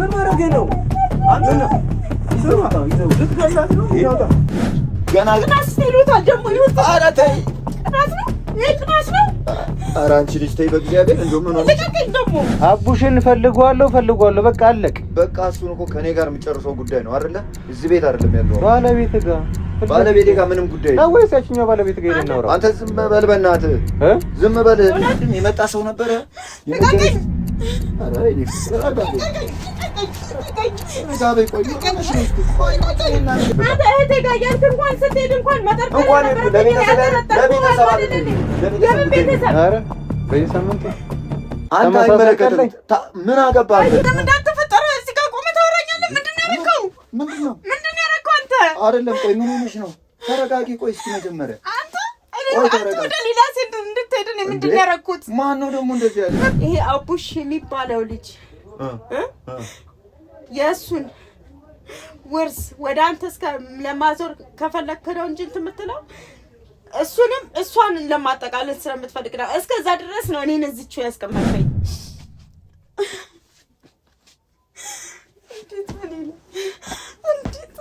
ምን ማድረግ ነው? ገና አንቺ ልጅ ተይ በእግዚአብሔር። አቡሽን ፈልጓለሁ ፈልጓለሁ። በቃ አለቅ በቃ። እሱን እኮ ከእኔ ጋር የሚጨርሰው ጉዳይ ነው አይደለ? እዚህ ቤት አይደለም ያለው ባለቤት ጋር ባለቤት ጋር ምንም ጉዳይ ነው ወይስ ያችኛው ባለቤት ጋር ይሄን አንተ ዝም በል በእናትህ ዝም በል። የመጣ ሰው ነበረ አንተ አይመለከትም። ምን አገባህ? እንዳትፈጠረ እዚህ ጋር ቆመህ ታወራኛለህ። ምንድን ነው ያደረገው? ምንድን ነው ያደረገው? አንተ አይደለም። ቆይ ምን ሆነሽ ነው? ተረጋጊ። ቆይ እስኪ መጀመሪያ አንተ ምንድን ነው ያደረኩት? ማነው ደግሞ እንደዚህ ያለ? ይሄ አቡሽ የሚባለው ልጅ የእሱን ውርስ ወደ አንተ እስከ ለማዞር እንጂ እንትን የምትለው እሱንም እሷን ለማጠቃለል ስለምትፈልግ ነው። እስከዛ ድረስ ነው እኔን እዚች እንዴት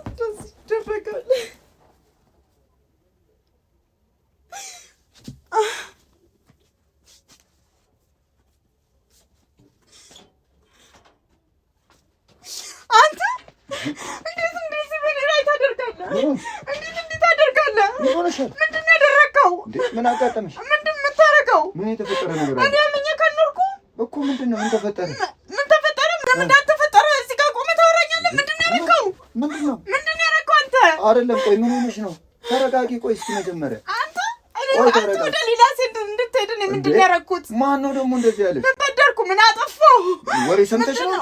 እንዴት እንደዚህ በእኔ ላይ ታደርጋለህ? እንዴት እንዲህ ታደርጋለህ? ምንድን ነው ያደረግከው? ምን አጋጠመሽ? ምንድን የምታደርገው? ምን የተፈጠረ ነገር እኔ አምኜ ከኖርኩ እኮ ምንድን ነው? ምን ተፈጠረ? ምን ተፈጠረ? ምን እንዳልተፈጠረ እዚህ ጋር ቆመህ ታወራኛለህ? ምንድን ነው ያደረግከው? ምንድን ነው ምንድን ነው ያደረግከው አንተ? አይደለም፣ ቆይ ምን ሆነሽ ነው? ተረጋጊ። ቆይ እስኪ መጀመሪያ ወደ ሌላ ሴት እንድትሄድ እኔ ምንድን ያደረግኩት? ማነው ደግሞ እንደዚህ ያለሽ? ምን በደርኩ? ምን አጠፋሁ? ወሬ ሰምተሽ ነው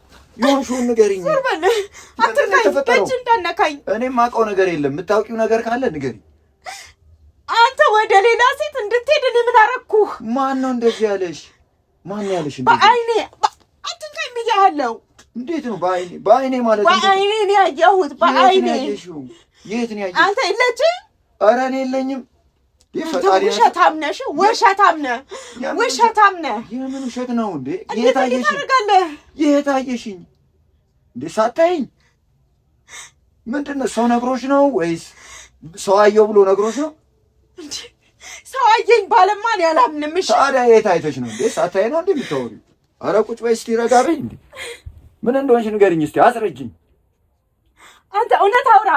የሆንሽውን ንገሪኝ። እንዳነካኝ እኔ የማውቀው ነገር የለም። የምታውቂው ነገር ካለ ንገሪኝ። አንተ ወደ ሌላ ሴት እንድትሄድ እኔ ምን አደረኩህ? ማን ነው እንደዚህ ያለሽ? ማን ያለሽ? በአይኔ አትንካኝ ብያለሁ። እንዴት ነው በአይኔ? በአይኔ ማለት በአይኔ ያየሁት። በአይኔ የት ነው የት ነው ያየሽው? አንተ የለችም። ኧረ እኔ የለኝም ውሸታም ነሽ፣ ውሸታም ነህ፣ ውሸታም ነህ። የምን ውሸት ነው እንዴ? ታደርጋለህ ይህ እንዴ? ሳታይኝ ምንድን ነው? ሰው ነግሮች ነው ወይስ ሰው አየው ብሎ ነግሮች ነው? ሰው አየኝ ባለማ እኔ አላምንም። እሺ ታዲያ የት አይተሽ ነው እንዴ? ሳታይ ነው እንዴ የምታወሪው? ኧረ ቁጭ በይ እስኪ ረጋ በይ እንዴ! ምን እንደሆንሽ ንገሪኝ እስኪ አስረጅኝ። አንተ እውነት አውራ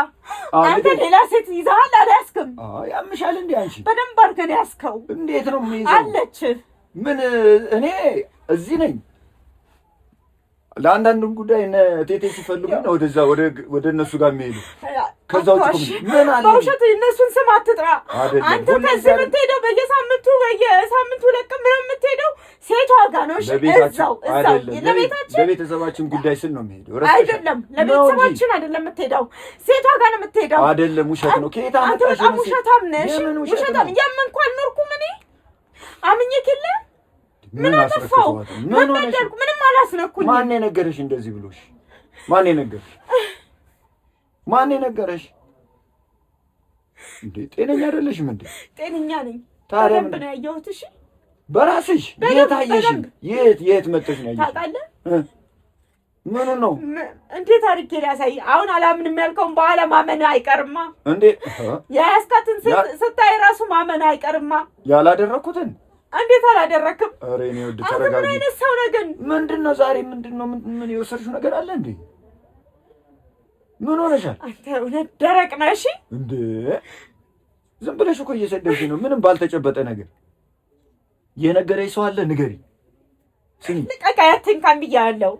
አንተ ሌላ ሴት ይዘሃል አልያዝክም? ያምሻል እንዴ አንቺ? በደንብ አድርገን ያዝከው። እንዴት ነው አለች ምን እኔ እዚህ ነኝ ለአንዳንድም ጉዳይ እነ ቴቴ ሲፈልጉ ነው ወደዛ ወደ እነሱ ጋር የሚሄዱ። ከዛ ውጭ ምን አለ በውሸት እነሱን ስም አትጥራ። አንተ ከዚህ የምትሄደው በየሳምንቱ በየሳምንቱ ለቅ ምን የምትሄደው ሴቷ ጋር ነው። እዛው እዛው ለቤተሰባችን ጉዳይ ስል ነው የሚሄደው። አይደለም ለቤተሰባችን አይደለም የምትሄደው ሴቷ ጋር ነው የምትሄደው። አይደለም ውሸት ነው። ከየት አመጣሽ? ውሸታም ነሽ። ውሸታም የምን እንኳን ኖርኩ ምን አምኜ ኪለ ምን አጠፋው? ምን በደልኩ? ምንም አላስነኩኝ። ማን የነገረሽ እንደዚህ ብሎሽ? ማን የነገረሽ? ማን የነገረሽ? እንዴ ጤነኛ አይደለሽም እንዴ? ጤነኛ ነኝ። ታዲያ ምን ነው ያየሁት? እሺ በራስሽ የት የት የት መጥተሽ ነው ያየሽ? ታውቃለህ? ነው እንዴት አድርጌ አሁን አላምንም ያልከውን በኋላ ማመን አይቀርማ እንዴ? ስታይ ራሱ ማመን አይቀርማ ያላደረኩትን እንዴት አላደረክም? ኧረ እኔ ወድ ተረጋጋ። ምን አይነት ሰው ነገር ምንድን ነው ዛሬ? ምንድን ነው ምን የወሰድሽው ነገር አለ እንዴ? ምን ሆነሻል? አንተ እውነት ደረቅ ነህ። እሺ እንዴ ዝም ብለሽ እኮ እየሰደብሽ ነው፣ ምንም ባልተጨበጠ ነገር። የነገረኝ ሰው አለ ንገሪ። ስሚ ልቀቃያትን ካም ብያለሁ።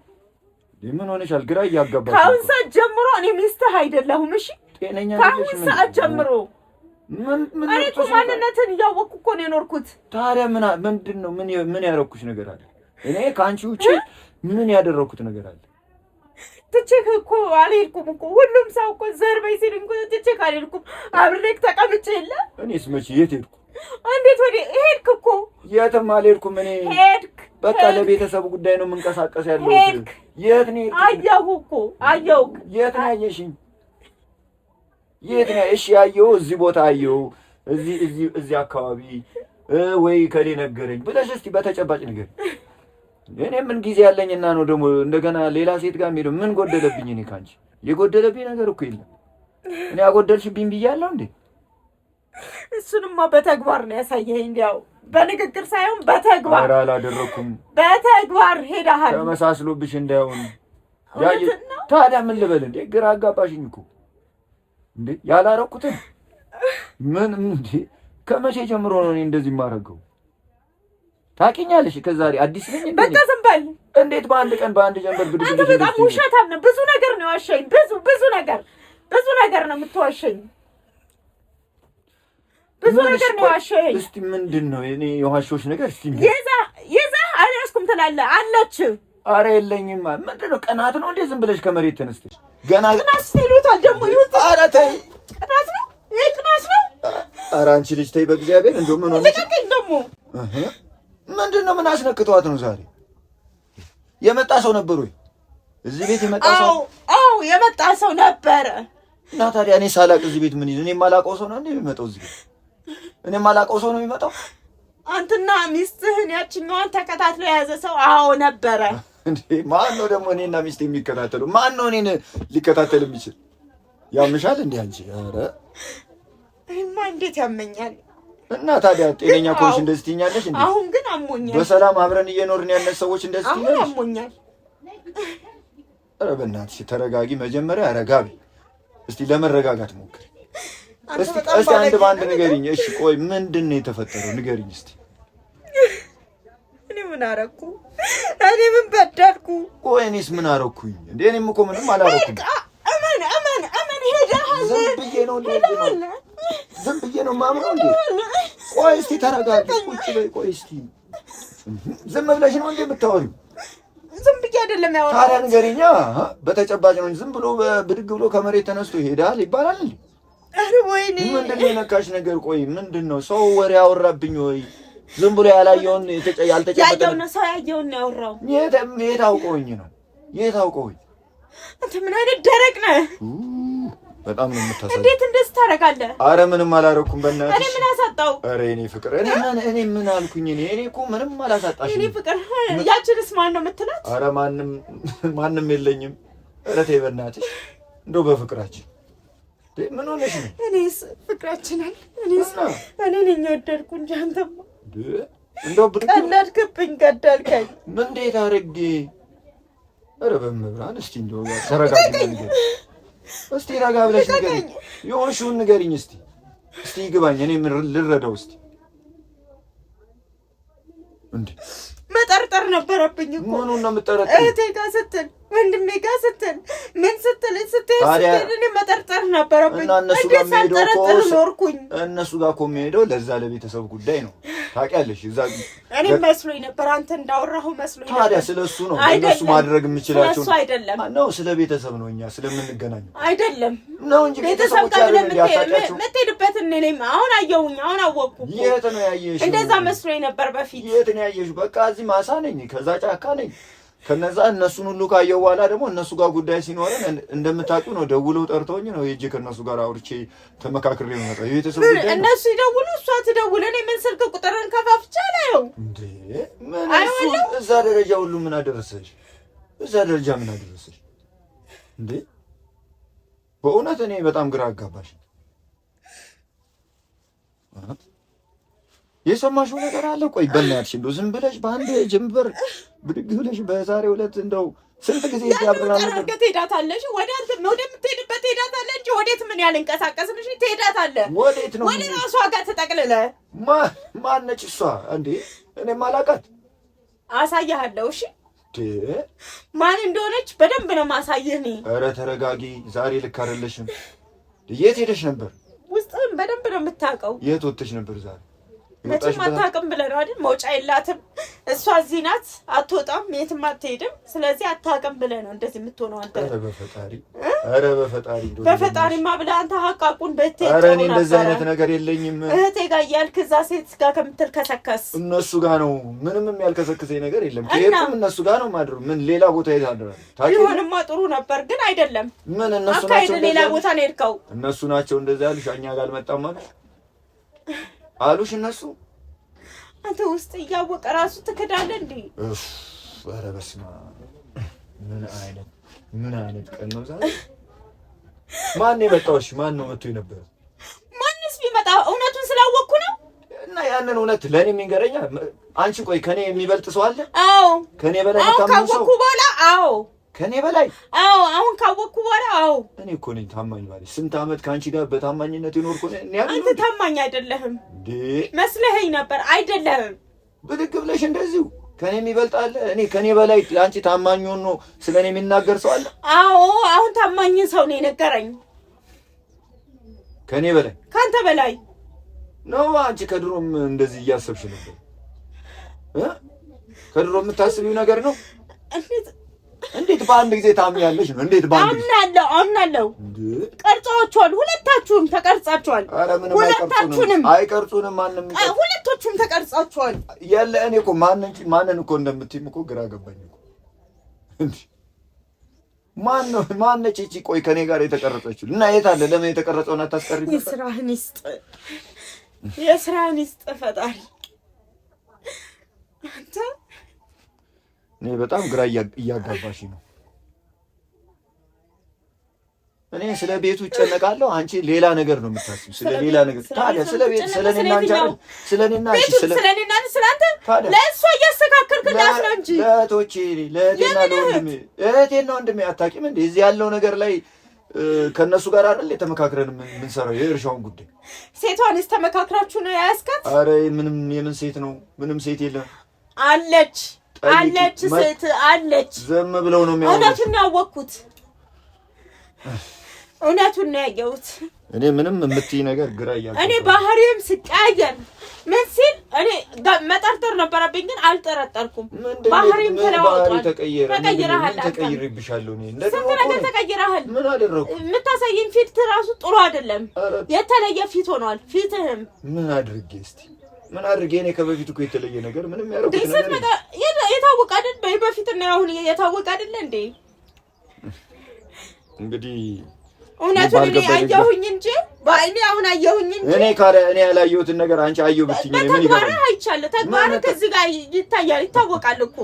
ምን ሆነሻል? ግራ እያጋባ ከአሁን ሰዓት ጀምሮ እኔ ሚስትህ አይደለሁም። እሺ ጤነኛ ከአሁን ሰዓት ጀምሮ እኔ እኮ ማንነትን እያወቅኩ እኮ ነው የኖርኩት። ታዲያ ምንድን ነው ምን ያደረኩሽ ነገር አለ? እኔ ከአንቺ ውጭ ምን ያደረኩት ነገር አለ? ትቼክ እኮ አልሄድኩም እኮ ሁሉም ሰው እኮ ዘር በይ ሲል እኮ ትቼክ አልሄድኩም። አብሬክ ተቀምጬ የለ እኔስ መቼ የት ሄድኩ? እንዴት ወደ ሄድክ እኮ የትም አልሄድኩም። እኔ ሄድክ በቃ ለቤተሰብ ጉዳይ ነው የምንቀሳቀስ ያለው። ሄድክ የት ነው? አየሁ እኮ አየሁክ። የት ነው ያየሽኝ? የት ነው? እሺ ያየው እዚህ ቦታ አየው እዚህ እዚህ እዚህ አካባቢ ወይ ከሌ ነገረኝ ብለሽ እስቲ በተጨባጭ ንገር። እኔ ምን ጊዜ ያለኝና ነው ደግሞ እንደገና ሌላ ሴት ጋር ሄደው ምን ጎደለብኝ? እኔ ካንቺ የጎደለብኝ ነገር እኮ የለም። እኔ አጎደልሽብኝ ብያለሁ እንዴ? እሱንማ በተግባር ነው ያሳየኝ። እንዲያው በንግግር ሳይሆን በተግባር። ኧረ አላደረኩም። በተግባር ሄዳሃል። ተመሳስሎብሽ እንዳይሆን ታዲያ ምን ልበል እንዴ? ግራ አጋባሽኝ እኮ እንዴ ያላረኩትን ምን እንዴ? ከመቼ ጀምሮ ነው እኔ እንደዚህ የማደርገው? ታውቂኛለሽ? ከዛሬ አዲስ ነኝ። በቃ ዝም በል። እንዴት በአንድ ቀን በአንድ ጀንበር ብድግ አንተ በጣም ውሸታም ነው። ብዙ ነገር ነው ያሸኝ። ብዙ ብዙ ነገር ብዙ ነገር ነው የምትዋሸኝ። ብዙ ነገር ነው ያሸኝ። እስቲ ምንድን ነው እኔ የዋሸሁሽ ነገር? እስቲ የዛ የዛ አልያዝኩም ትላለህ አለች አረ የለኝማ። ምንድን ነው ቀናት ነው እንዴ? ዝም ብለሽ ከመሬት ተነስተሽ ገና ቅናስ ይሉታል ደግሞ ይሁት። አረ ተይ፣ ቅናት ነው ይሄ፣ ቅናት ነው። አረ አንቺ ልጅ ተይ በእግዚአብሔር። እንደው ምን ሆነሽ ደግሞ? ምንድን ነው ምን አስነክቷት ነው? ዛሬ የመጣ ሰው ነበር ወይ እዚህ ቤት የመጣ ሰው? አዎ የመጣ ሰው ነበረ። እና ታዲያ እኔ ሳላቅ እዚህ ቤት ምን ይዘ? እኔ የማላውቀው ሰው ነው እንዴ የሚመጣው እዚህ ቤት? እኔ የማላውቀው ሰው ነው የሚመጣው? አንተና ሚስትህን ያችኛዋን ተከታትሎ የያዘ ሰው አዎ ነበረ። ማን ነው ደግሞ እኔና ሚስት የሚከታተሉ? ማን ነው እኔን ሊከታተል የሚችል? ያምሻል እንዴ አንቺ? ኧረ እማ እንዴት ያመኛል። እና ታዲያ ጤነኛ ኮሽ እንደዚህ ትይኛለሽ እንዴ? አሁን ግን አሞኛል። በሰላም አብረን እየኖርን ያለን ሰዎች እንደዚህ ትይኛለሽ? አሁን አሞኛል። ኧረ በእናትሽ ተረጋጊ። መጀመሪያ ረጋቢ። እስቲ ለመረጋጋት ሞክሪ። እስቲ አንድ በአንድ ንገሪኝ። እሺ ቆይ ምንድን ነው የተፈጠረው? ንገሪኝ እስቲ ምን አረኩ? እኔ ምን በደልኩ? ቆይ እኔስ ምን አረኩኝ እኔም እኮ ምንም አላረኩኝ። ሄደሃል። ዝም ብዬ ነው እንዴ? ዝም ብዬ ነው እንዴ? ቆይ እስቲ ተረጋጊ፣ ቁጭ በይ። ቆይ እስቲ ዝም ብለሽ ነው እንዴ የምታወሪው? ዝም ብዬ አይደለም ታዲያ ንገሪኛ፣ በተጨባጭ ነው። ዝም ብሎ ብድግ ብሎ ከመሬት ተነስቶ ይሄዳል ይባላል እንዴ? ወይኔ ምንድን ነው የነካሽ ነገር? ቆይ ምንድን ነው ሰው ወሬ አወራብኝ ወይ ዝም ብሎ ያላየውን ያልተጨበጠውን ሰው ያየውን ነው ያወራው። የት አውቀውኝ ነው? የት አውቀውኝ? አንተ ምን አይነት ደረቅ ነህ! በጣም ነው የምታሳዝነው። እንዴት እንደዚህ ታደርጋለህ? አረ ምንም አላደረኩም። በእናትሽ እኔ ምን አሳጣው? አረ እኔ ፍቅር እኔ ምን እኔ ምን አልኩኝ? እኔ እኔ እኮ ምንም አላሳጣሽ። እኔ ፍቅር ያችንስ ማን ነው የምትላት? አረ ማንም ማንም የለኝም። አረ ተይ በእናትሽ እንደው በፍቅራችን ምን ሆነሽ ነው? እኔስ ፍቅራችንን እኔስ እኔ ነኝ የወደድኩ እንጂ አንተማ እንደው ቀለድክብኝ፣ ገደልከኝ። እንዴት አድርጌ? ኧረ በመብራን እስቲ እንደው ተረጋጋ። እስቲ ረጋ ብለሽ ንገሪኝ፣ የሆንሽውን ንገሪኝ። እስቲ እስቲ ይግባኝ፣ እኔም ልረዳው። እስቲ እንዴ መጠርጠር ነበረብኝ እኮ። ምኑን ነው የምጠረጥር? እህቴ ጋር ስትል፣ ወንድሜ ጋር ስትል፣ ምን ስትል ስትል ስትል መጠርጠር ነበረብኝ። እንዴት ሳልጠረጥር ኖርኩኝ? እነሱ ጋር እኮ የሚሄደው ለዛ ለቤተሰብ ጉዳይ ነው ታውቂያለሽ። እዛ እኔ መስሎኝ ነበር አንተ እንዳወራሁ መስሎኝ ነበር። ታዲያ ስለ እሱ ነው እነሱ ማድረግ የምችላቸው እሱ አይደለም ነው፣ ስለ ቤተሰብ ነው፣ እኛ ስለምንገናኝ አይደለም ነው እንጂ ቤተሰብ ጋር የምትሄድበትን እኔም አሁን አየሁኝ፣ አሁን አወቅኩ። የት ነው ያየሽ? እንደዛ መስሎኝ ነበር በፊት። የት ነው ያየሽ? በቃ እዚህ ማሳ ነኝ፣ ከዛ ጫካ ነኝ ከነዛ እነሱን ሁሉ ካየው በኋላ ደግሞ እነሱ ጋር ጉዳይ ሲኖረን እንደምታውቂው ነው ደውለው ጠርተውኝ ነው ሄጄ ከእነሱ ጋር አውርቼ ተመካክሬ ነው መጣሁ። የቤተሰብ ጉዳይ እነሱ ይደውሉ፣ እሷ ትደውል። እኔ ምን ስልክ ቁጥርን ከፋፍቼ አላየውም እንዴ? ምን እዛ ደረጃ ሁሉ ምን አደረሰሽ? እዛ ደረጃ ምን አደረሰሽ እንዴ? በእውነት እኔ በጣም ግራ አጋባሽ የሰማሽው ነገር አለ? ቆይ በእናትሽ እንደው ዝም ብለሽ በአንድ ጀንበር ብድግ ብለሽ በዛሬ ሁለት እንደው ስንት ጊዜ ያብራራለበት ትሄዳታለሽ። ወደ አንተ ነው ወደምትሄድበት ትሄዳታለህ እንጂ ወዴት ምን ያልንቀሳቀስም እሺ፣ ትሄዳታለህ። ወዴት ነው? ወደ ራሷ ጋር ተጠቅልለህ። ማነች እሷ እንዴ? እኔ ማላውቃት አሳያለሁ። እሺ ማን እንደሆነች በደንብ ነው ማሳየህ እኔ። ኧረ ተረጋጊ፣ ዛሬ ልክ አይደለሽም። የት ሄደሽ ነበር? ውስጥም በደንብ ነው የምታውቀው። የት ወጥተሽ ነበር ዛሬ? መቼም አታውቅም ብለህ ነው አይደል? መውጫ የላትም እሷ እዚህ ናት፣ አትወጣም፣ የትም አትሄድም። ስለዚህ አታውቅም ብለህ ነው እንደዚህ የምትሆነው አንተ። ኧረ በፈጣሪ በፈጣሪ በፈጣሪማ ብለህ አንተ ሀቃቁን በእህቴ ኧረ እኔ እንደዚህ አይነት ነገር የለኝም እህቴ ጋር እያልክ እዛ ሴት ጋር ከምትል ከሰከስ እነሱ ጋር ነው። ምንም የሚያልከሰክሰኝ ነገር የለም። ከሄድኩም እነሱ ጋር ነው ማድሩ። ምን ሌላ ቦታ የት አድራል? ቢሆንማ ጥሩ ነበር፣ ግን አይደለም። ምን እነሱ ናቸው ሌላ ቦታ ነው የሄድከው። እነሱ ናቸው እንደዚህ ያልሽ፣ እኛ ጋር አልመጣም ማለት አሉሽ እነሱ። አንተ ውስጥ እያወቀ ራሱ ትክዳለህ እንዴ? ኧረ በስመ አብ! ምን አይነት ምን አይነት ቀን ነው ዛሬ? ማን ነው የመጣው? ማን ነው መጥቶ የነበረ? ማንስ ቢመጣ እውነቱን ስላወቅኩ ነው። እና ያንን እውነት ለእኔ የሚንገረኛ አንቺ። ቆይ ከኔ የሚበልጥ ሰው አለ? አዎ ከኔ በላይ ሰው አዎ ካወቅኩ በኋላ አዎ ከኔ በላይ አዎ፣ አሁን ካወቅኩ በኋላ አዎ፣ እኔ እኮ ነኝ ታማኝ ማለት። ስንት አመት ከአንቺ ጋር በታማኝነት የኖርኩ እኔ። አንተ ታማኝ አይደለህም እንዴ? መስለኸኝ ነበር። አይደለህም ብድግ ብለሽ እንደዚሁ ከኔ የሚበልጥ አለ? እኔ ከኔ በላይ ለአንቺ ታማኝ ሆኖ ስለ እኔ የሚናገር ሰው አለ? አዎ፣ አሁን ታማኝ ሰው ነው የነገረኝ። ከኔ በላይ ከአንተ በላይ ነው። አንቺ ከድሮም እንደዚህ እያሰብሽ ነበር። ከድሮ የምታስቢው ነገር ነው እንዴት በአንድ ጊዜ ታምኛለሽ? እንዴት በአንድ ጊዜ አምናለሁ፣ አምናለሁ። ቀርጻችኋል፣ ሁለታችሁም ተቀርጻችኋል። ኧረ ምንም ሁለታችሁንም አይቀርጹንም፣ ማንም ሁለቶቹም ተቀርጻችኋል። ያለ እኔ እኮ ማንን ማንን እኮ እንደምትይም እኮ ግራ ገባኝ እኮ እንዴ። ማን ነው ማነች እቺ? ቆይ ከኔ ጋር የተቀረጸችው እና የት አለ? ለምን እና አታስቀሪም? የስራህን ይስጥ፣ የስራህን ይስጥ ፈጣሪ አንተ እኔ በጣም ግራ እያጋባሽ ነው። እኔ ስለ ቤቱ እጨነቃለሁ፣ አንቺ ሌላ ነገር ነው የምታስብ። ስለ ሌላ ነገር ታዲያ ስለ ቤት ስለ እኔና እንጂ ስለ እኔና አንቺ ስለ እኔና ስለ አንተ ለእሷ እያስተካከልክላት ነው እንጂ ለእህቶቼ ለእህቴና ለወንድሜ እህቴና ወንድሜ አታውቂም እንዴ? እዚህ ያለው ነገር ላይ ከእነሱ ጋር አይደል የተመካክረን የምንሰራው የእርሻውን ጉዳይ። ሴቷንስ ተመካክራችሁ ነው አረ ምንም የምን ሴት ነው? ምንም ሴት የለም አለች አለች ሴት አለች። ዝም ብለው ነው የሚያወሩት። እውነቱን ነው ያወቅኩት። እውነቱን ነው ያየሁት። እኔ ምንም የምትይ ነገር ግራ እያልኩ እኔ ባህሪም ስቀያየር ምን ሲል እኔ መጠርጠር ነበረብኝ፣ ግን አልጠረጠርኩም። ባህሪም ተለዋውጧል። ተቀይረሃል። ተቀይሬብሻለሁ። ስንት ነገር ተቀይረሃል። ምን አደረኩ? የምታሳይኝ ፊት እራሱ ጥሩ አይደለም። የተለየ ፊት ሆኗል። ፊትህም ምን አድርጌ እስቲ ምን አድርጌ እኔ ከበፊት እኮ የተለየ ነገር ምንም ያደረኩት ነገር የታወቀ አይደል? በፊት እና አሁን የታወቀ አይደል እንዴ? እንግዲህ እውነቱን እኔ አየሁኝ እንጂ በአይኔ አሁን አየሁኝ እንጂ እኔ ካረ እኔ ያላየሁትን ነገር አንቺ አየሁ ብትኝ ምን ይገርም አይቻለሁ። ተግባሩ ከዚህ ጋር ይታያል ይታወቃል እኮ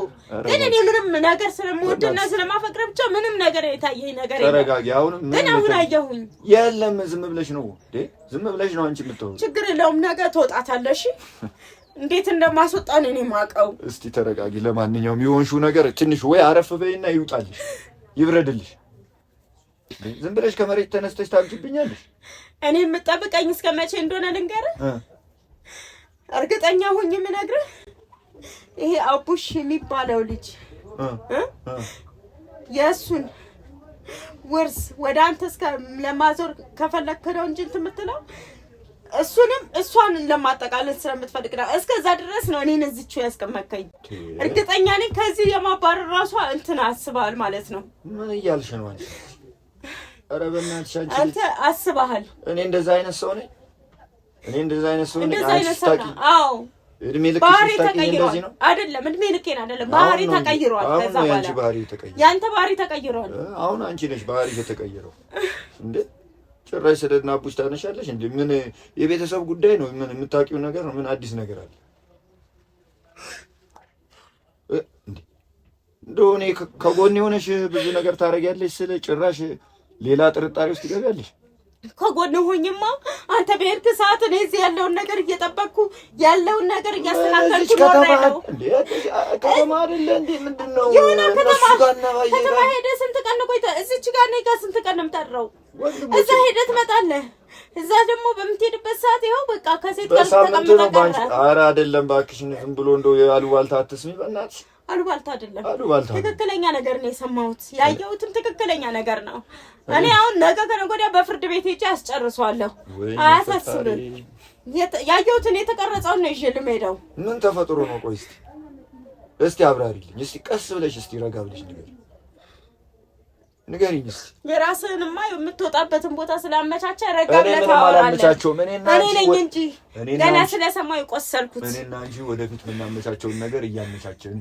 ግን እኔ ምንም ነገር ስለምወድና ስለማፈቅር ብቻ ምንም ነገር የታየኝ ነገር የለም። ተረጋጊ። አሁን ግን አሁን አየሁኝ የለም። ዝም ብለሽ ነው ዴ ዝም ብለሽ ነው አንቺ የምትሆኑ። ችግር የለውም ነገ ትወጣታለሽ። እንዴት እንደማስወጣን እኔ ማውቀው። እስቲ ተረጋጊ። ለማንኛውም የሆንሽው ነገር ትንሽ ወይ አረፍ በይና ይውጣልሽ፣ ይብረድልሽ ዝም ብለሽ ከመሬት ተነስተሽ ታብጅብኛለሽ። እኔ የምጠብቀኝ እስከ መቼ እንደሆነ ልንገርህ። እርግጠኛ ሁኝ የምነግርህ ይሄ አቡሽ የሚባለው ልጅ የእሱን ውርስ ወደ አንተ እስከ ለማዞር ከፈለግከው እንጂ እንትን የምትለው እሱንም እሷን ለማጠቃለል ስለምትፈልግ ነው። እስከዛ ድረስ ነው እኔን እዚች ያስቀመከኝ። እርግጠኛ ነኝ ከዚህ የማባረር ራሷ እንትን አስባል ማለት ነው። ምን እያልሽ ነው? ኧረ በእናትሽ አንቺ አንተ አስበሃል። እኔ እንደዛ አይነት ሰው ነኝ። እኔ እንደዛ አይነት ሰው ነኝ። አንቺ ታቂ። አዎ እድሜ ልክ ባህሪ ተቀይሯል። አይደለም እድሜ ልኬን አይደለም ባህሪ ተቀይሯል። ከዛ በኋላ ያንተ ባህሪ ተቀይሯል። አሁን አንቺ ነሽ ባህሪ የተቀየረው እንዴ? ጭራሽ ስለ ናቡሽ ታነሻለሽ እንዴ? ምን የቤተሰብ ጉዳይ ነው? ምን የምታውቂው ነገር ምን አዲስ ነገር አለ እንደሆነ ከጎን የሆነሽ ብዙ ነገር ታደርጊያለሽ። ስለ ጭራሽ ሌላ ጥርጣሬ ውስጥ ይገቢያለሽ። ከጎን ሆኝማ አንተ በሄድክ ሰዓት እኔ እዚህ ያለውን ነገር እየጠበቅኩ ያለውን ነገር እያስተካከልኩ ነው። ከተማ አይደለ እንዴ? ከተማ እዚች ጋር ጋር ነው እዛ ሄደህ ትመጣለህ። እዛ ደግሞ በምትሄድበት ሰዓት ይኸው በቃ ከሴት ጋር ተቀምጠህ ቀረ። ኧረ አይደለም እባክሽን፣ ዝም ብሎ እንደው ያሉ አትስሚ በእናትሽ አሉባልታ አይደለም፣ ትክክለኛ ነገር ነው የሰማሁት። ያየሁትም ትክክለኛ ነገር ነው። እኔ አሁን ነገ ከነገ ወዲያ በፍርድ ቤት ሄጄ አስጨርሷለሁ። አያሳስብም። ያየሁትን የተቀረጸውን ነው ይዤ ልምሄደው። ምን ተፈጥሮ ነው? ቆይ እስኪ እስኪ አብራሪልኝ እስኪ ቀስ ብለሽ እስኪ ረጋ ብለሽ ንገሪኝ ንገሪኝ እስኪ። የራስህንማ የምትወጣበትን ቦታ ስላመቻቸ ረጋ ብለህ ታወራለህ። እኔ ነኝ እንጂ ገና ስለሰማሁ የቆሰልኩት እኔና እንጂ ወደፊት የምናመቻቸውን ነገር እያመቻቸን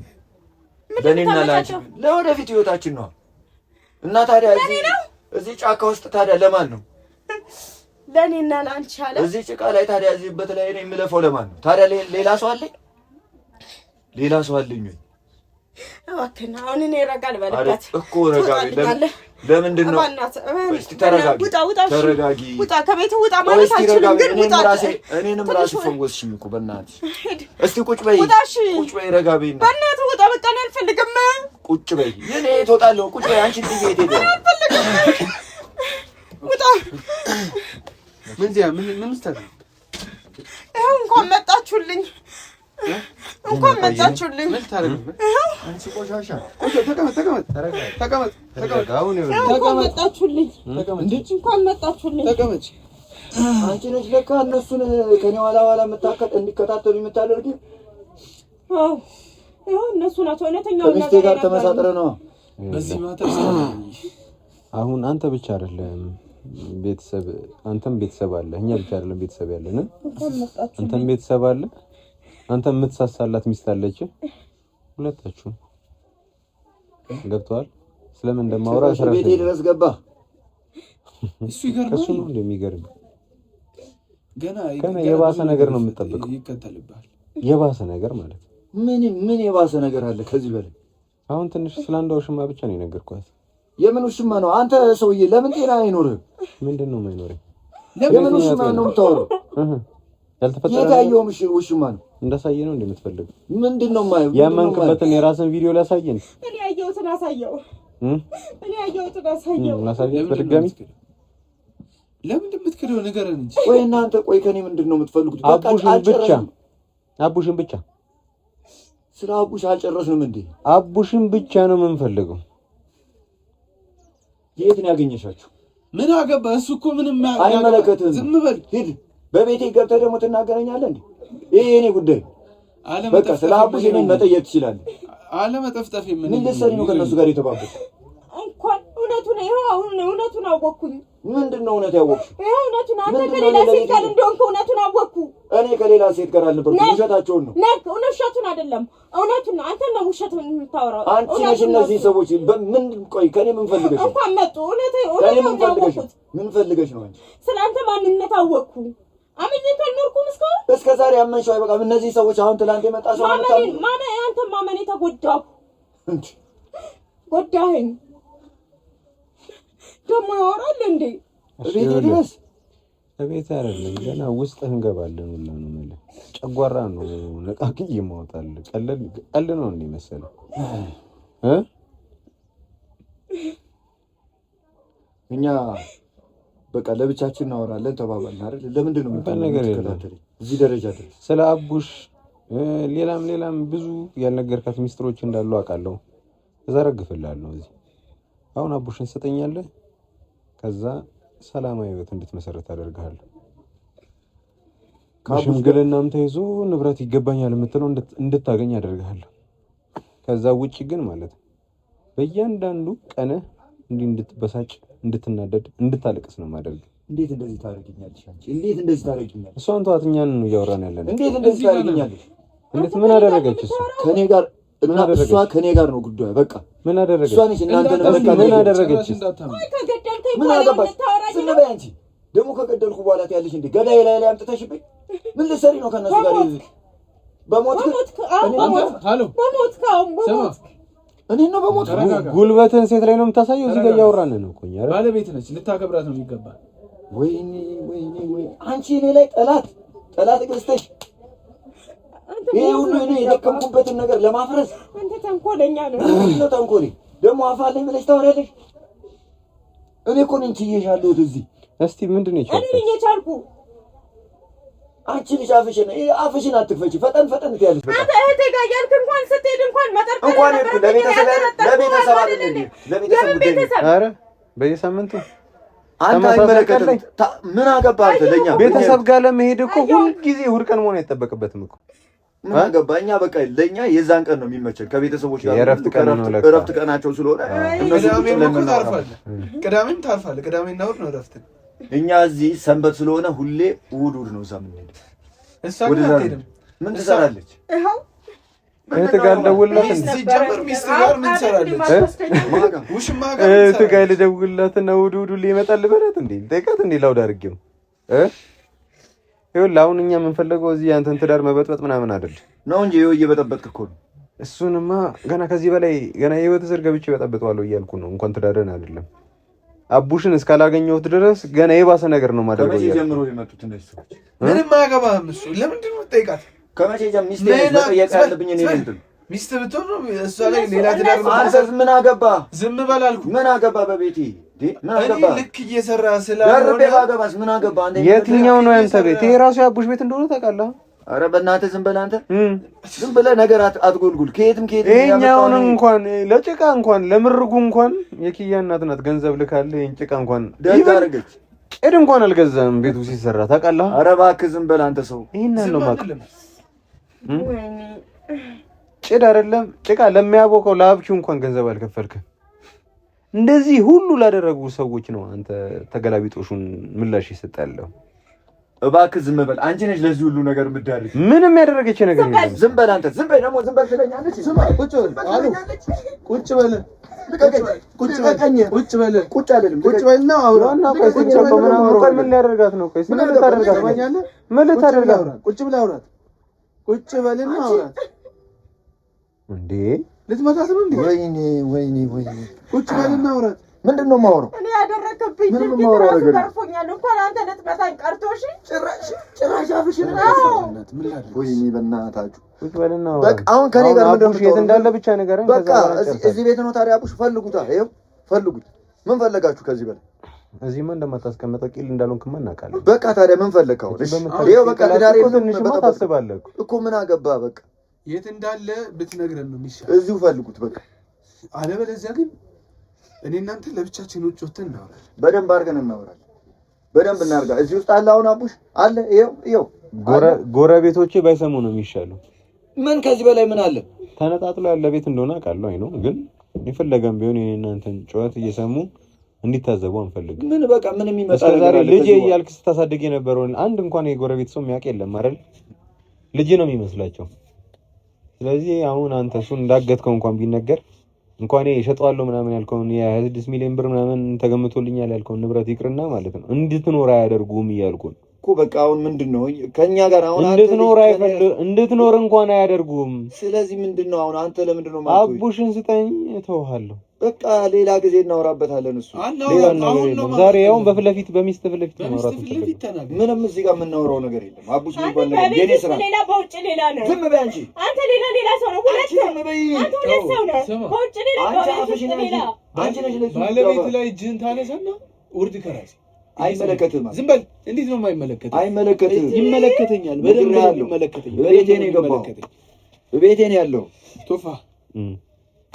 ለእኔና ለአንቺ ለወደፊት ህይወታችን ነው እና ታዲያ እዚህ ጫካ ውስጥ ታዲያ ለማን ነው? ለእኔና ለአንቺ አለ። እዚህ ጭቃ ላይ ታዲያ እዚህ በተለይ ነው የምለፈው ለማን ነው? ታዲያ ሌላ ሰው አለኝ? ሌላ ሰው አለኝ ወይ? እባክህን አሁን እኔ ረጋ ልበልበት እኮ ረጋ ልበልበት። ለምንድን ነው እስቲ ተረጋጊ፣ ተረጋጊ፣ ውጣ ከቤት ውጣ ማለት አልችልም፣ ግን ውጣ። እኔንም ራሴ ፈወስሽኝ እኮ በእናትሽ። እስቲ ቁጭ በይ፣ ቁጭ በይ፣ ረጋ በይ እና ልትወጣ በቃ እኔ አልፈልግም። ቁጭ በይ የኔ ትወጣለሁ። ቁጭ በይ አንቺ ጥዬ ሄደ ውጣ። ምን ምን ስታል ይኸው እንኳን መጣችሁልኝ፣ እንኳን መጣችሁልኝ። ምን ታደርግ አንቺ ቆሻሻ። ቁጭ ተቀመጥ፣ ተቀመጥ፣ ተቀመጥ፣ ተቀመጥ። አሁን ይኸው እንኳን መጣችሁልኝ፣ እንኳን መጣችሁልኝ። ተቀመጭ አንቺ ነሽ ለካ እነሱን ከኔ ኋላ ኋላ የምታከት እንዲከታተሉ የምታደርጊው። አዎ ይኸው እነሱ ናቸው እውነተኛው። ከሚስቴ ጋር ተመሳጥረ ነው በዚህ ማታ። አሁን አንተ ብቻ አይደለም ቤተሰብ፣ አንተም ቤተሰብ አለ። እኛ ብቻ አይደለም ቤተሰብ ያለን፣ አንተም ቤተሰብ አለ። አንተ የምትሳሳላት ሚስት አለች። ሁለታችሁም ገብተዋል። ስለምን እንደማወራ ቤቴ ድረስ ገባ። እሱ ይገርማል። ነው እንደሚገርም ገና የባሰ ነገር ነው የምጠብቀው። የባሰ ነገር ማለት ነው ምን ምን የባሰ ነገር አለ ከዚህ በላይ? አሁን ትንሽ ስለ አንዷ ውሽማ ብቻ ነው የነገርኳት። የምን ውሽማ ነው? አንተ ሰውዬ ለምን ጤና አይኖርህም? ምንድን ነው የማይኖረኝ? የምን ውሽማ ነው የምታወራው? የታየውም ውሽማ ነው። እንዳሳየ ነው እንደምትፈልግ ምንድን ነው የማየው? ያመንክበትን የራስን ቪዲዮ ላሳየን። እኔ ያየሁትን አሳየው። እኔ ያየሁትን አሳየው። ላሳየው በድጋሚ ለምን የምትክደው ነገር እንጂ። ቆይ እናንተ ቆይ፣ ከኔ ምንድን ነው የምትፈልጉት? አቡሽን ብቻ አቡሽን ብቻ ስለ አቡሽ አልጨረስንም እንዴ? አቡሽን ብቻ ነው የምንፈልገው። የት ነው ያገኘሻችሁ? ምን አገባ እሱ እኮ ምንም አይመለከትም። ዝም በል ሂድ። በቤቴ ገብተህ ደግሞ ትናገረኛለህ እንዴ? ይሄ የኔ ጉዳይ። በቃ ስለ አቡሽ እኔን መጠየቅ ትችላለህ። አለመጠፍጠፍ ምን ልትሰሪ ነው ከእነሱ ጋር የተባበርሽ? እንኳን ነው ይኸው አሁን እውነቱን አወኩኝ። ምንድን ነው እውነት ያወቅሽው? እውነቱን አወቅኩ። እኔ ከሌላ ሴት ጋር አልነበርኩም። ውሸታቸውን ነው ነክ ውሸቱን አይደለም እውነቱን ነው። አንተ ነው ውሸት የምታወራው አንቺ ነሽ። እነዚህ ሰዎች ምን ቆይ፣ ከኔ ምን ፈልገሽ እንኳን መጡ። ነው ምን ፈልገሽ ነው አንቺ? ስለ አንተ ማንነት አወቅኩ። አምኜ እስከ ዛሬ አመንሽው አይበቃም? እነዚህ ሰዎች አሁን ትላንት የመጣ ሰው ማመኔ አንተ ማመኔ ተጎዳሁ። እንዴ ጎዳኸኝ ደግሞ ያወራል እንዴ? ቤት ድረስ ቤት አይደለም ገና ውስጥ እንገባለን ሁላ ነው ጨጓራ ነው ቀለል ነው እንዴ መሰለ እ እኛ በቃ ለብቻችን እናወራለን ተባባልን አይደል? ለምንድን ነው እዚህ ደረጃ ድረስ? ስለ አቡሽ ሌላም ሌላም ብዙ ያልነገርካት ሚስጥሮች እንዳሉ አውቃለሁ። እዛ ረግፍላለሁ። እዚህ አሁን አቡሽን ሰጠኛለህ ከዛ ሰላማዊ ህይወት እንድትመሰረት አደርግሃለሁ። ከሽምግልናም ተይዞ ንብረት ይገባኛል የምትለው እንድታገኝ አደርግሃለሁ። ከዛ ውጭ ግን ማለት ነው በእያንዳንዱ ቀንህ እንዲህ እንድትበሳጭ፣ እንድትናደድ፣ እንድታለቅስ ነው ማደርግ። እንዴት እንደዚህ ታደርግኛለሽ? እንዴት እንደዚህ ታደርግኛለሽ? እሷን ተዋት፣ እኛን ነው እያወራን ያለን። እንዴት እንደዚህ ታደርግኛለሽ? እንዴት ምን አደረገች እሷ ከኔ ጋር እና እሷ ከኔ ጋር ነው ጉዳዩ። በቃ ምን አደረገች? እሷ ነች እናንተን በቃ ምን አደረገች? ምን አገባሽ? ዝም በይ አንቺ። ደግሞ ከገደልኩ በኋላ ትያለሽ እንዴ? ገዳይ ላይ ላይ አምጥተሽብኝ ምን ልትሰሪ ነው ከእነሱ ጋር? እኔን ነው በሞት ጉልበትን ሴት ላይ ነው የምታሳየው። እዚህ ጋር እያወራን ነው እኮ እኛ። ባለቤት ነች፣ ልታከብራት ነው የሚገባ። ወይኔ ወይኔ ወይ አንቺ እኔ ላይ ጠላት ጠላት ገዝተሽ ይሄ ሁሉ እኔ የደከምኩበትን ነገር ለማፍረስ አንተ ተንኮለኛ ነው። ተንኮሌ ደግሞ አፋለኝ ብለሽ ታወሪያለሽ እኔ እኮ ነኝ ችዬሽ ያለሁት እዚህ። እስቲ ምንድን ነው ይቻላል? እኔ የቻልኩ አንቺ ልጅ አፍሽን አፍሽን አትክፈች፣ ፈጠን ፈጠን ትያለሽ። አንተ እህቴ ጋር እያልክ እንኳን ስትሄድ እንኳን መጠርጠር እንኳን እኮ ለቤተሰብ ለቤተሰብ አይደለም ለቤተሰብ ጉዳይ። አረ በየሳምንቱ አንተ አይመለከትም። ምን አገባህ አንተ ለኛ ቤተሰብ ጋር ለመሄድ እኮ ሁልጊዜ እሑድ ቀን መሆን አይጠበቅበትም እኮ ምን አገባ እኛ በቃ ለኛ የዛን ቀን ነው የሚመቸን ከቤተሰቦች ጋር ቀን ነው እረፍት ቀናቸው ስለሆነ ቅዳሜም ታርፋለህ ቅዳሜና እሑድ ነው እረፍት እኛ እዚህ ሰንበት ስለሆነ ሁሌ እሑድ እሑድ ነው እዛ የምንሄድ ምን ትሰራለች እህት ጋር ልደውልላት እህት ጋር እሑድ እሑድ ሁሌ ይመጣል እንዴ ጠይቃት እንዴ ላውድ አድርጌው ይኸውልህ አሁን እኛ የምንፈለገው እዚህ ያንተን ትዳር መበጥበጥ ምናምን አይደል ነው እንጂ ይኸው እየበጠበጥክ እኮ ነው። እሱንማ ገና ከዚህ በላይ ገና የህይወት ስር ገብቼ በጠብጠዋለሁ እያልኩ ነው። እንኳን ትዳርን አይደለም አቡሽን እስካላገኘሁት ድረስ ገና የባሰ ነገር ነው ማደርገው። ከመቼ ጀምሮ የመጡት እንደሱ? ምንም አያገባህም እሱ። ለምንድን ነው የምትጠይቃት? ከመቼ ጀምሮ ሚስቴ መጠየቅ ያለብኝ እኔ ምንድን ነው? ሚስት ብትሆን እሷ ላይ ሌላ ትዳር ምን አገባህ? ዝም በላልኩ። ምን አገባ በቤቴ ልክ እየሰራ ስላልሆነ ምን አገባ? የትኛው ነው ያንተ ቤት? ይሄ ራሱ የአቡሽ ቤት እንደሆነ ታውቃለህ። አረ በእናትህ ዝም በለህ አንተ ዝም ብለህ ነገር አትጎልጉል። ከየትም ከየትም ይሄኛውን እንኳን ለጭቃ እንኳን ለምርጉ እንኳን የኪያ እናት ናት ገንዘብ ልካለህ። ይሄን ጭቃ እንኳን ደጋርገች አደረገች። ጭድ እንኳን አልገዛም ቤቱ ሲሰራ ታውቃለህ። አረ እባክህ ዝም በለህ አንተ ሰው ይሄን ነው ማቅ ጭድ አይደለም ጭቃ ለሚያቦከው ለአብኪው እንኳን ገንዘብ አልከፈልክም። እንደዚህ ሁሉ ላደረጉ ሰዎች ነው አንተ ተገላቢጦሹን ምላሽ ይሰጥ ያለው። እባክህ ዝም በል አንቺ ነሽ ለዚህ ሁሉ ነገር ምዳርግ። ምንም ያደረገች ነገር የለም። ዝም በል አንተ ዝም በል ደግሞ ዝም በል ትለኛለች። ቁጭ በል ቁጭ በል ቁጭ በል ቁጭ በል ቁጭ በል ቁጭ በል ቁጭ ቁጭ ልትመታት ነው እንዴ? ወይኔ ወይኔ ወይኔ! ቁጭ በል እናውራት። ምንድን ነው የማወራው? እኔ ያደረገብኝ ድርጊት እራሱ ተርፎኛል። እንኳን አንተ ልትመታኝ ቀርቶ እሺ፣ ጭራሽ ጭራሽ አፍሽን ነው። ወይኔ በእናታችሁ ቁጭ በል እናውራ። በቃ አሁን ከኔ ጋር ምንድን ነው የት እንዳለ ብቻ ንገረኝ። በቃ እዚህ ቤት ነው ታዲያ። አቡሽ ፈልጉታ፣ ይኸው ፈልጉት። ምን ፈለጋችሁ ከዚህ በላይ እዚህ ማ እንደማታስቀምጠው ቂል እንዳልሆንክማ እናውቃለን። በቃ ታዲያ ምን ፈለግ አሁን? ይኸው በቃ ትዳሬ ታስባለህ እኮ ምን አገባ በቃ የት እንዳለ ብትነግረን ነው የሚሻለው። እዚሁ ፈልጉት በቃ። አለበለዚያ ግን እኔ እናንተ ለብቻችን ውጭ ወተን እናወራለን። በደንብ አድርገን እናወራለን። በደንብ እናርጋ። እዚህ ውስጥ አለ። አሁን አቡሽ አለ። ይኸው ይኸው፣ ጎረቤቶቼ ባይሰሙ ነው የሚሻለው። ምን ከዚህ በላይ ምን አለ? ተነጣጥሎ ያለ ቤት እንደሆነ አውቃለሁ። አይ ነው ግን የፈለገም ቢሆን የኔ እናንተን ጨዋት እየሰሙ እንዲታዘቡ አንፈልግም። ምን በቃ ምን የሚመጣ ነገር አለ? ልጄ እያልክ ስታሳድግ የነበረውን አንድ እንኳን የጎረቤት ሰው የሚያውቅ የለም አይደል? ልጄ ነው የሚመስላቸው ስለዚህ አሁን አንተ እሱን እንዳገትከው እንኳን ቢነገር እንኳን እሸጠዋለሁ ምናምን ያልከውን የሀያ ስድስት ሚሊዮን ብር ምናምን ተገምቶልኛል ያልከውን ንብረት ይቅርና ማለት ነው እንድትኖር አያደርጉም እያልኩ ነው። እኮ በቃ አሁን ምንድን ነው ከኛ ጋር አሁን እንድትኖር እንኳን አያደርጉም። ስለዚህ ምንድን ነው አሁን አንተ ለምንድን ነው አቡሽን ስጠኝ እተውሃለሁ። በቃ ሌላ ጊዜ እናወራበታለን። እሱ ዛሬ ያውን በፊት ለፊት በሚስት ፊት ለፊት ማውራት ምንም እዚህ ጋር የምናወራው ነገር የለም። አቡሽ የሚባል ነገር የኔ ስራ ሌላ፣ በውጭ ሌላ ነው። ዝም በይ አንቺ። አንተ ሌላ ሌላ ሰው ነው። ሁለት ሰው ነው። አንተ ሁለት ሰው ነው። በውጭ ሌላ፣ በአንቺ ሌላ። ባለቤት ላይ እጅህን ታነሳና ውርድ ከራሴ አይመለከትም። ዝም በል። እንዴት ነው የማይመለከት? አይመለከትም። ይመለከተኛል። በደንብ ይመለከተኛል። በቤቴ ነው የገባው። በቤቴ ነው ያለው። ቶፋ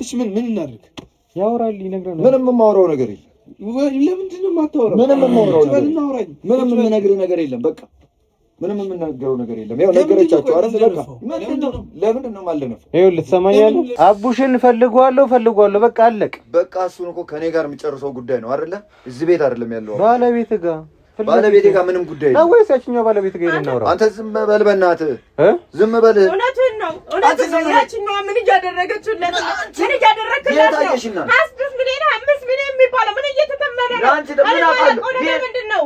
እሺ፣ ምን ምን እናድርግ? ያወራል፣ ይነግራል። ምንም የማወራው ነገር የለም። ለምንድን ነው የማታወራው? ምንም የማወራው ነገር የለም። በቃ ምንም የምናገረው ነገር የለም። ያው ነገረቻችሁ። አረ ስለካ ለምንድን ነው የማልደነፈው? ይኸው ልትሰማኛለህ። አቡሽን ፈልጓለሁ ፈልጓለሁ። በቃ አለቅ። በቃ እሱን እኮ ከእኔ ጋር የሚጨርሰው ጉዳይ ነው አይደለ? እዚህ ቤት አይደለም ያለው ባለቤት ጋር ባለቤቴ ጋር ምንም ጉዳይ ነው ወይስ ያችኛው ባለቤት ጋር እናውራ? አንተ ዝም በል በእናትህ ዝም በል። እውነትህን ነው እውነቱን ነው። ያችኛዋ ምን እያደረገችው ለምን ምን እያደረገችው አስደስ ምን ይሄን አምስት ምን የሚባለው ምን እየተተመረ ነው? አንቺ ደግሞ ምን አውቃለሁ። ነው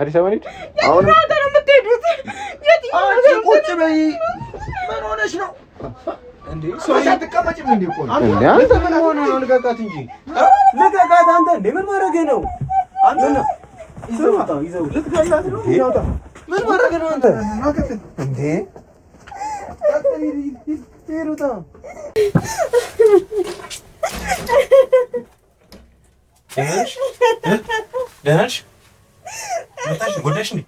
አዲስ አበባ አሁን ቁጭ በይ። ምን ሆነሽ ነው? አትቀመጭም እንዴ? አንተ ምን ሆነ ነው? ልቀቃት እንጂ ልቀቃት። አንተ እንዴ ምን ማድረግ ነው? ምን ማድረግ ነው አንተ እንዴ? ደህና ነሽ? መታሽ ጎዳሽ እንዴ?